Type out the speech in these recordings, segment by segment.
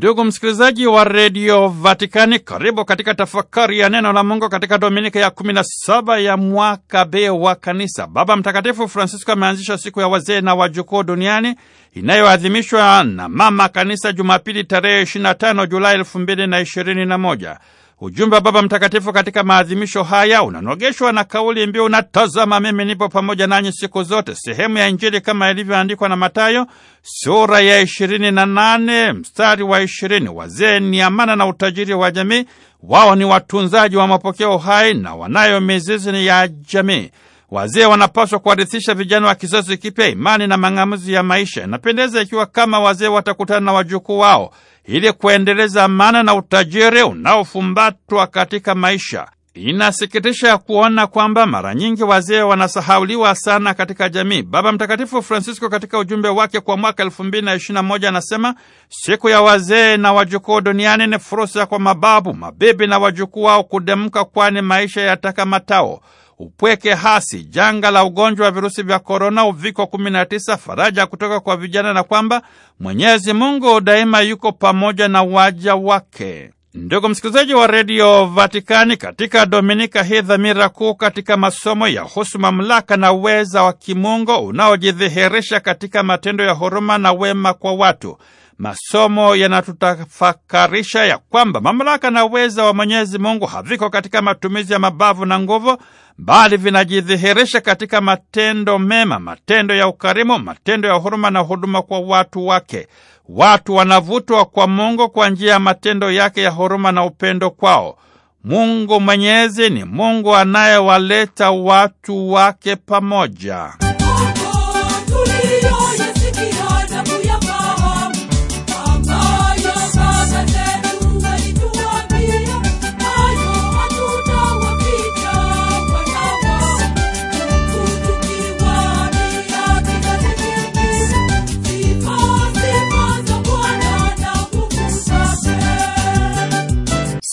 Ndugu msikilizaji wa redio Vatikani, karibu katika tafakari ya neno la Mungu katika dominika ya 17 ya mwaka B wa Kanisa. Baba Mtakatifu Francisco ameanzisha siku ya wazee na wajukuu duniani inayoadhimishwa na Mama Kanisa Jumapili tarehe 25 Julai 2021. Ujumbe wa Baba Mtakatifu katika maadhimisho haya unanogeshwa na kauli mbiu unatazama mimi nipo pamoja nanyi siku zote, sehemu ya Injili kama ilivyoandikwa na matayo sura ya ishirini na nane mstari wa ishirini. Wazee ni amana na utajiri wa jamii, wao ni watunzaji wa mapokeo hai na wanayo mizizi ya jamii. Wazee wanapaswa kuwarithisha vijana wa kizazi kipya imani na mang'amuzi ya maisha. Inapendeza ikiwa kama wazee watakutana na wajukuu wao ili kuendeleza amana na utajiri unaofumbatwa katika maisha. Inasikitisha kuona kwamba mara nyingi wazee wanasahauliwa sana katika jamii. Baba Mtakatifu Francisco katika ujumbe wake kwa mwaka elfu mbili na na moja anasema siku ya wazee na wajukuu duniani ni fursa kwa mababu, mabibi na wajukuu wao kudemka, kwani maisha yatakamatao upweke hasi, janga la ugonjwa wa virusi vya korona, uviko 19, faraja kutoka kwa vijana, na kwamba Mwenyezi Mungu daima yuko pamoja na waja wake. Ndugu msikilizaji wa redio Vatikani, katika dominika hii dhamira kuu katika masomo ya husu mamlaka na uweza wa kimungu unaojidhihirisha katika matendo ya huruma na wema kwa watu. Masomo yanatutafakarisha ya kwamba mamlaka na uweza wa Mwenyezi Mungu haviko katika matumizi ya mabavu na nguvu, bali vinajidhihirisha katika matendo mema, matendo ya ukarimu, matendo ya huruma na huduma kwa watu wake. Watu wanavutwa kwa Mungu kwa njia ya matendo yake ya huruma na upendo kwao. Mungu Mwenyezi ni Mungu anayewaleta watu wake pamoja.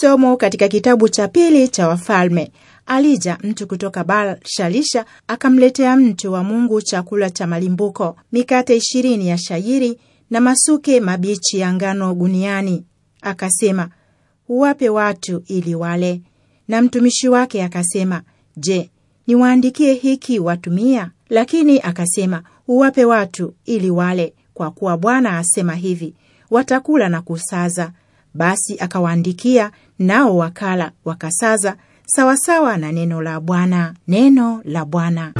Somo katika kitabu cha pili cha Wafalme. Alija mtu kutoka Baal Shalisha akamletea mtu wa Mungu chakula cha malimbuko, mikate ishirini ya shayiri na masuke mabichi ya ngano guniani. Akasema, uwape watu ili wale. Na mtumishi wake akasema, je, niwaandikie hiki watumia Lakini akasema, uwape watu ili wale, kwa kuwa Bwana asema hivi, watakula na kusaza. Basi akawaandikia, nao wakala wakasaza, sawasawa na neno la Bwana. Neno la Bwana.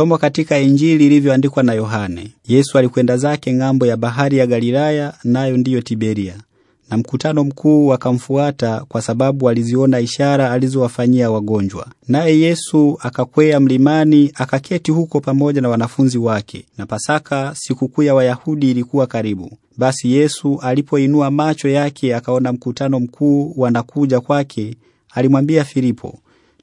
Somo katika Injili ilivyoandikwa na Yohane. Yesu alikwenda zake ng'ambo ya bahari ya Galilaya, nayo ndiyo Tiberia, na mkutano mkuu wakamfuata kwa sababu waliziona ishara alizowafanyia wagonjwa. Naye Yesu akakwea mlimani akaketi huko pamoja na wanafunzi wake, na Pasaka, sikukuu ya Wayahudi, ilikuwa karibu. Basi Yesu alipoinua macho yake akaona mkutano mkuu wanakuja kwake, alimwambia Filipo,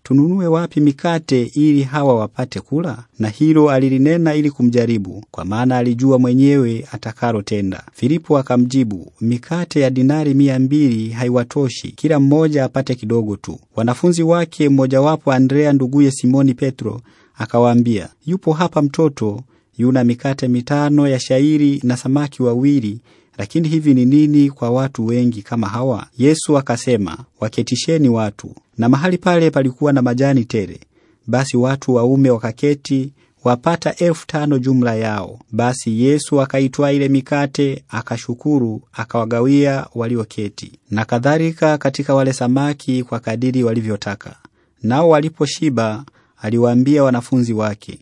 tununue wapi mikate ili hawa wapate kula? Na hilo alilinena ili kumjaribu, kwa maana alijua mwenyewe atakalotenda. Filipo akamjibu, mikate ya dinari mia mbili haiwatoshi kila mmoja apate kidogo tu. Wanafunzi wake mmojawapo Andrea nduguye Simoni Petro akawaambia, yupo hapa mtoto yuna mikate mitano ya shairi na samaki wawili lakini hivi ni nini kwa watu wengi kama hawa? Yesu akasema, waketisheni watu. Na mahali pale palikuwa na majani tele. Basi watu waume wakaketi wapata elfu tano jumla yao. Basi Yesu akaitwaa ile mikate, akashukuru, akawagawia walioketi, na kadhalika katika wale samaki kwa kadiri walivyotaka. Nao waliposhiba, aliwaambia wanafunzi wake,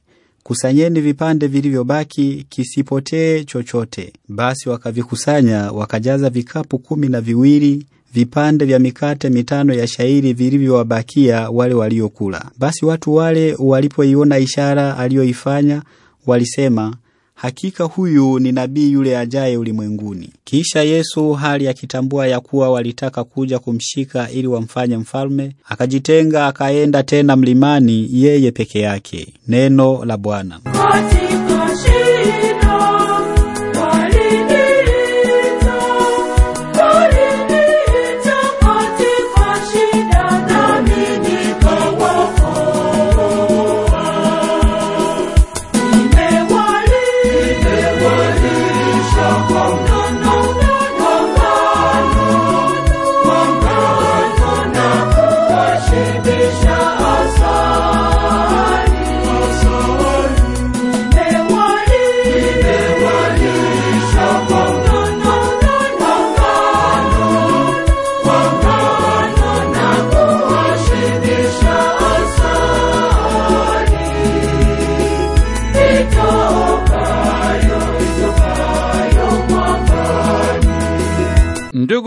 kusanyeni vipande vilivyobaki kisipotee chochote. Basi wakavikusanya wakajaza vikapu kumi na viwili vipande vya mikate mitano ya shairi vilivyowabakia wale waliokula. Basi watu wale walipoiona ishara aliyoifanya walisema, hakika huyu ni nabii yule ajaye ulimwenguni. Kisha Yesu, hali akitambua ya kuwa walitaka kuja kumshika ili wamfanye mfalme, akajitenga akaenda tena mlimani, yeye peke yake. Neno la Bwana.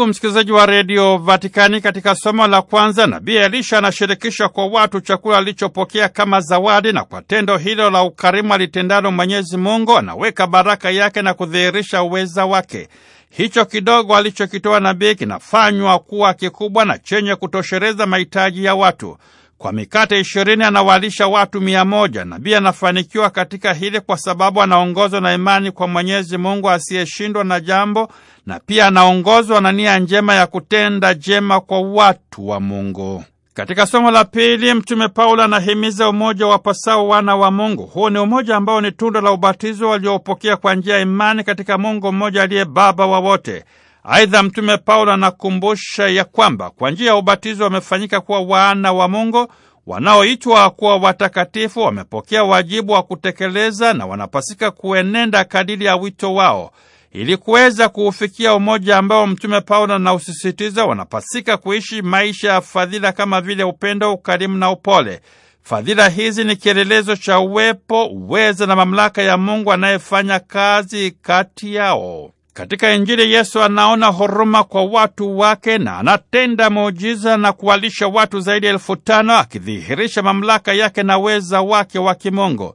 msikilizaji wa redio Vatikani, katika somo la kwanza, nabii Elisha anashirikisha kwa watu chakula alichopokea kama zawadi, na kwa tendo hilo la ukarimu alitendalo Mwenyezi Mungu anaweka baraka yake na kudhihirisha uweza wake. Hicho kidogo alichokitoa nabii kinafanywa kuwa kikubwa na chenye kutoshereza mahitaji ya watu. Kwa mikate ishirini anawalisha watu mia moja. Nabii anafanikiwa katika hili kwa sababu anaongozwa na imani kwa Mwenyezi Mungu asiyeshindwa na jambo, na pia anaongozwa na nia njema ya kutenda jema kwa watu wa Mungu. Katika somo la pili, Mtume Paulo anahimiza umoja wa pasao wana wa Mungu. Huu ni umoja ambao ni tunda la ubatizo waliopokea kwa njia ya imani katika Mungu mmoja aliye Baba wa wote. Aidha, Mtume Paulo anakumbusha ya kwamba kwa njia ya ubatizo wamefanyika kuwa wana wa Mungu wanaoitwa kuwa watakatifu, wamepokea wajibu wa kutekeleza na wanapasika kuenenda kadiri ya wito wao. Ili kuweza kuufikia umoja ambao Mtume Paulo anausisitiza, wanapasika kuishi maisha ya fadhila kama vile upendo, ukarimu na upole. Fadhila hizi ni kielelezo cha uwepo, uweza na mamlaka ya Mungu anayefanya kazi kati yao. Katika Injili Yesu anaona huruma kwa watu wake na anatenda muujiza na kuwalisha watu zaidi ya elfu tano akidhihirisha mamlaka yake na weza wake wa kimongo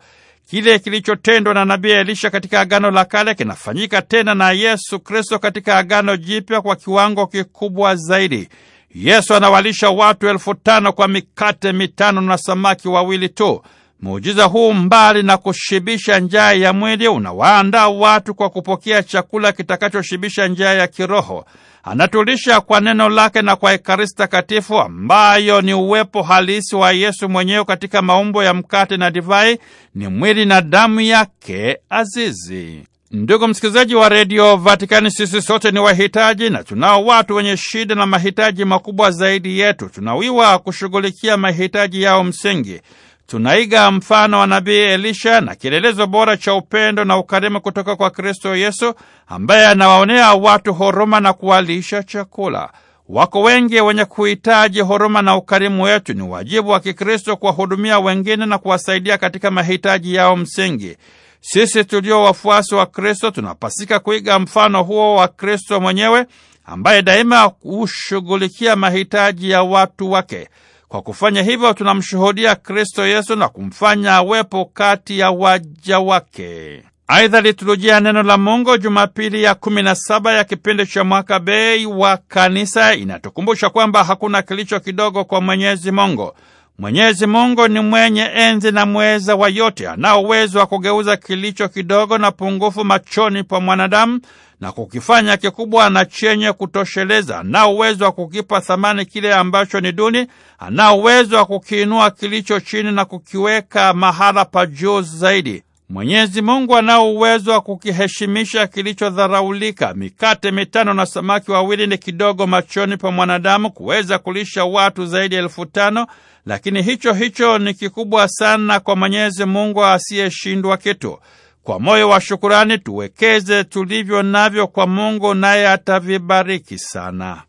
Kile kilichotendwa na nabii Elisha katika Agano la Kale kinafanyika tena na Yesu Kristo katika Agano Jipya kwa kiwango kikubwa zaidi. Yesu anawalisha watu elfu tano kwa mikate mitano na samaki wawili tu. Muujiza huu mbali na kushibisha njaa ya mwili, unawaandaa watu kwa kupokea chakula kitakachoshibisha njaa ya kiroho. Anatulisha kwa neno lake na kwa Ekaristi Takatifu, ambayo ni uwepo halisi wa Yesu mwenyewe katika maumbo ya mkate na divai, ni mwili na damu yake azizi. Ndugu msikilizaji wa redio Vatikani, sisi sote ni wahitaji na tunao watu wenye shida na mahitaji makubwa zaidi yetu. Tunawiwa kushughulikia mahitaji yao msingi. Tunaiga mfano wa nabii Elisha na kielelezo bora cha upendo na ukarimu kutoka kwa Kristo Yesu ambaye anawaonea watu huruma na kuwalisha chakula. Wako wengi wenye kuhitaji huruma na ukarimu wetu. Ni wajibu wa Kikristo kuwahudumia wengine na kuwasaidia katika mahitaji yao msingi. Sisi tulio wafuasi wa Kristo tunapasika kuiga mfano huo wa Kristo mwenyewe ambaye daima hushughulikia mahitaji ya watu wake. Kwa kufanya hivyo tunamshuhudia Kristo Yesu na kumfanya awepo kati ya waja wake. Aidha, liturujia neno la Mungu Jumapili ya 17 ya kipindi cha mwaka bei wa kanisa inatukumbusha kwamba hakuna kilicho kidogo kwa Mwenyezi Mungu. Mwenyezi Mungu ni mwenye enzi na mweza wa yote, anao uwezo wa kugeuza kilicho kidogo na pungufu machoni pa mwanadamu na kukifanya kikubwa na chenye kutosheleza. Anao uwezo wa kukipa thamani kile ambacho ni duni, anao uwezo wa kukiinua kilicho chini na kukiweka mahala pa juu zaidi. Mwenyezi Mungu anao uwezo wa kukiheshimisha kilichodharaulika. Mikate mitano na samaki wawili ni kidogo machoni pa mwanadamu kuweza kulisha watu zaidi ya elfu tano, lakini hicho hicho ni kikubwa sana kwa Mwenyezi Mungu asiyeshindwa kitu. Kwa moyo wa shukurani tuwekeze tulivyo navyo kwa Mungu, naye atavibariki sana.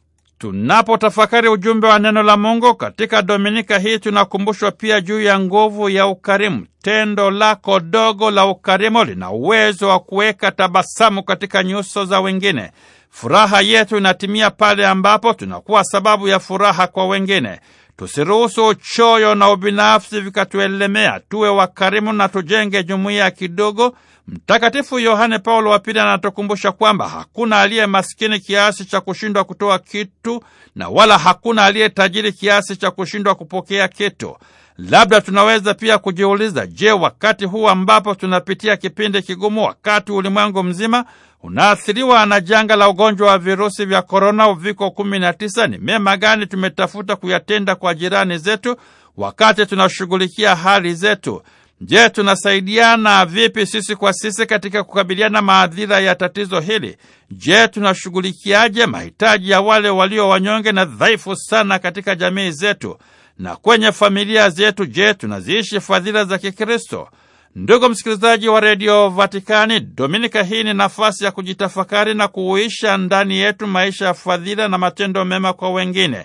Tunapotafakari ujumbe wa neno la Mungu katika dominika hii, tunakumbushwa pia juu ya nguvu ya ukarimu. Tendo lako dogo la ukarimu lina uwezo wa kuweka tabasamu katika nyuso za wengine. Furaha yetu inatimia pale ambapo tunakuwa sababu ya furaha kwa wengine. Tusiruhusu uchoyo na ubinafsi vikatuelemea. Tuwe wakarimu na tujenge jumuiya kidogo Mtakatifu Yohane Paulo wa Pili anatukumbusha kwamba hakuna aliye masikini kiasi cha kushindwa kutoa kitu na wala hakuna aliye tajiri kiasi cha kushindwa kupokea kitu. Labda tunaweza pia kujiuliza, je, wakati huu ambapo tunapitia kipindi kigumu, wakati ulimwengu mzima unaathiriwa na janga la ugonjwa wa virusi vya korona, uviko 19, ni mema gani tumetafuta kuyatenda kwa jirani zetu wakati tunashughulikia hali zetu? Je, tunasaidiana vipi sisi kwa sisi katika kukabiliana maadhira ya tatizo hili? Je, tunashughulikiaje mahitaji ya wale walio wanyonge na dhaifu sana katika jamii zetu na kwenye familia zetu? Je, tunaziishi fadhila za Kikristo? Ndugu msikilizaji wa redio Vatikani, dominika hii ni nafasi ya kujitafakari na kuuisha ndani yetu maisha ya fadhila na matendo mema kwa wengine.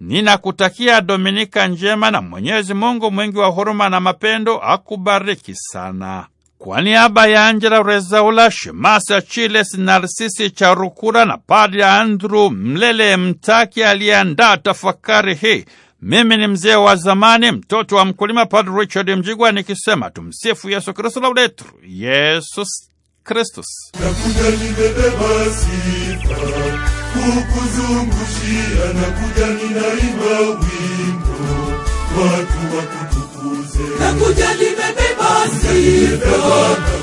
Ninakutakia Dominika njema na Mwenyezi Mungu mwingi wa huruma na mapendo akubariki sana. Kwa niaba ya Angela Rezaula, Shemasa Chiles, Narsisi Charukura na Padre Andrew Mlele Mtaki aliyeandaa tafakari hii, mimi ni mzee wa zamani, mtoto wa mkulima, Padre Richard Mjigwa, nikisema tumsifu Yesu Kristu, laudetur Yesus Kristus. Nakuja nimebeba sifa kukuzungushia, nakuja ninaimba wimbo watu wakutukuze. Nakuja nimebeba sifa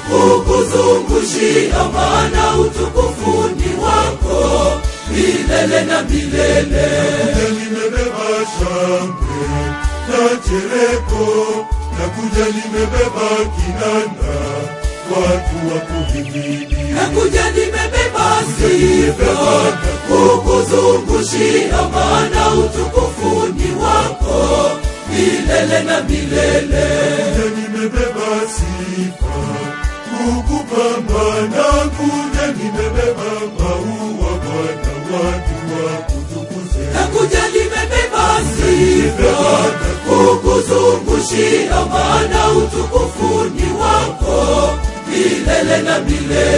kukuzungushia, maana utukufu ni wako milele na milele. Nakuja nimebeba shangwe na chereko, nakuja nimebeba kinanda watu wa kuhimidi. Nakuja nimebeba sifa kukuzungushia, maana utukufu ni wako milele na milele. Nakuja nimebeba sifa kukupamba, nakuja nimebeba maua Bwana, watu wa kutukuze. Nakuja nimebeba sifa kukuzungushia, maana utukufu milele,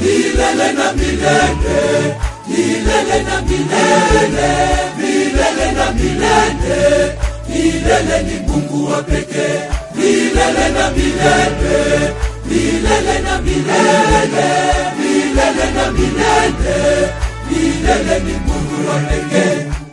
milele na milele, milele na milele, milele na milele. Milele ni Mungu wa pekee, milele na milele, milele na milele, milele na milele. Milele ni Mungu wa pekee.